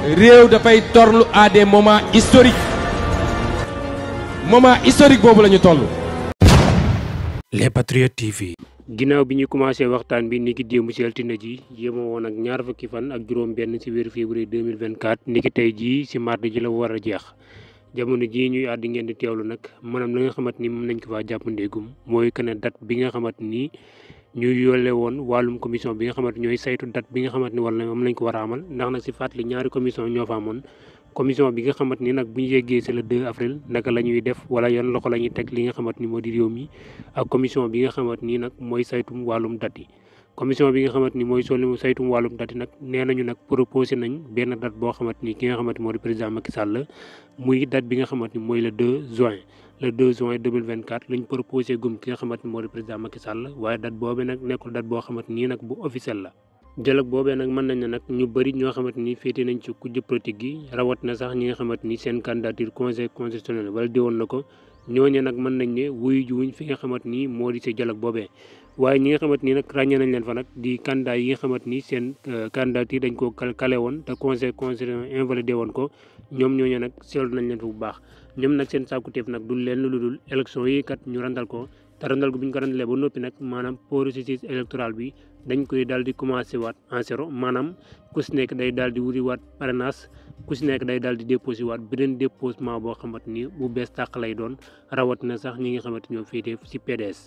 réew dafay torlu à des moments historiques moment historique boobu la ñu toll. Les Patriotes TV. ginnaaw bi ñu commencé waxtaan bi ni ki démb ci altine ji yéemoo woon ak ñaar fukki fan ak juróom-benn ci weeru février 2024 ni ki tey jii ci mardi ji la war a jeex. jamono jii ñuy àddi ngeen di teewlu nag maanaam li nga xamante ni mën nañ ko faa jàppandegum mooy que dat bi nga xamante nii ñu yole woon wàllum commission bi nga xamante ñooy saytu date bi nga xamante ni wala moom lañ ko war a amal ndax nag si fàttali ñaari commission ñoo fa amoon commission bi nga xamante ni nag ni moo di réew mi ak commission bi nga xamante ni nag mooy saytum wàllum date yi commission bi nga xamante ni mooy solu saytum wàllum date nag nee nañu nag proposé nañ benn date boo xamante ni ki nga xamante moo di président Macky Sall bi nga xamante ni mooy le 2 juin le 2 juin 2024 luñ proposé gum ki nga xamante ni moo di président Macky waaye date boobu nag nekkul date boo xamante nii nag bu officiel la dialogue boobee nag mën nañ ne nag ñu bëri ñoo xamante ni féete nañ ci kujje politique gi rawat na sax ñi nga xamante ni seen candidature conseil constitutionnel wala diwoon na ko ñooñu nag mën nañ ne wuyu juwuñ fi nga xamante ni moo di si dialogue boobee waaye ñi nga xamante ni nag ràññee nañ leen fa nag di candidat yi nga xamante ni seen euh, candidature dañ koo kale woon te conseil constitutionnel woon ko ñoom ñooñu nag seetlu nañ leen fa bu baax ñoom nag seen sàkkuteef nag du leen lu dul élection yi kat ñu randal ko te randal gu bu ñu ko randalee ba noppi nag maanaam processus électoral bi dañ koy daal di commencé waat en maanaam ku si nekk day daal di wuri waat parrainage ku si nekk day daal di déposé waat beneen déposement boo xamante ni bu bees tàq lay doon rawat na sax ñi nga xamante ñoo féetee ci PDS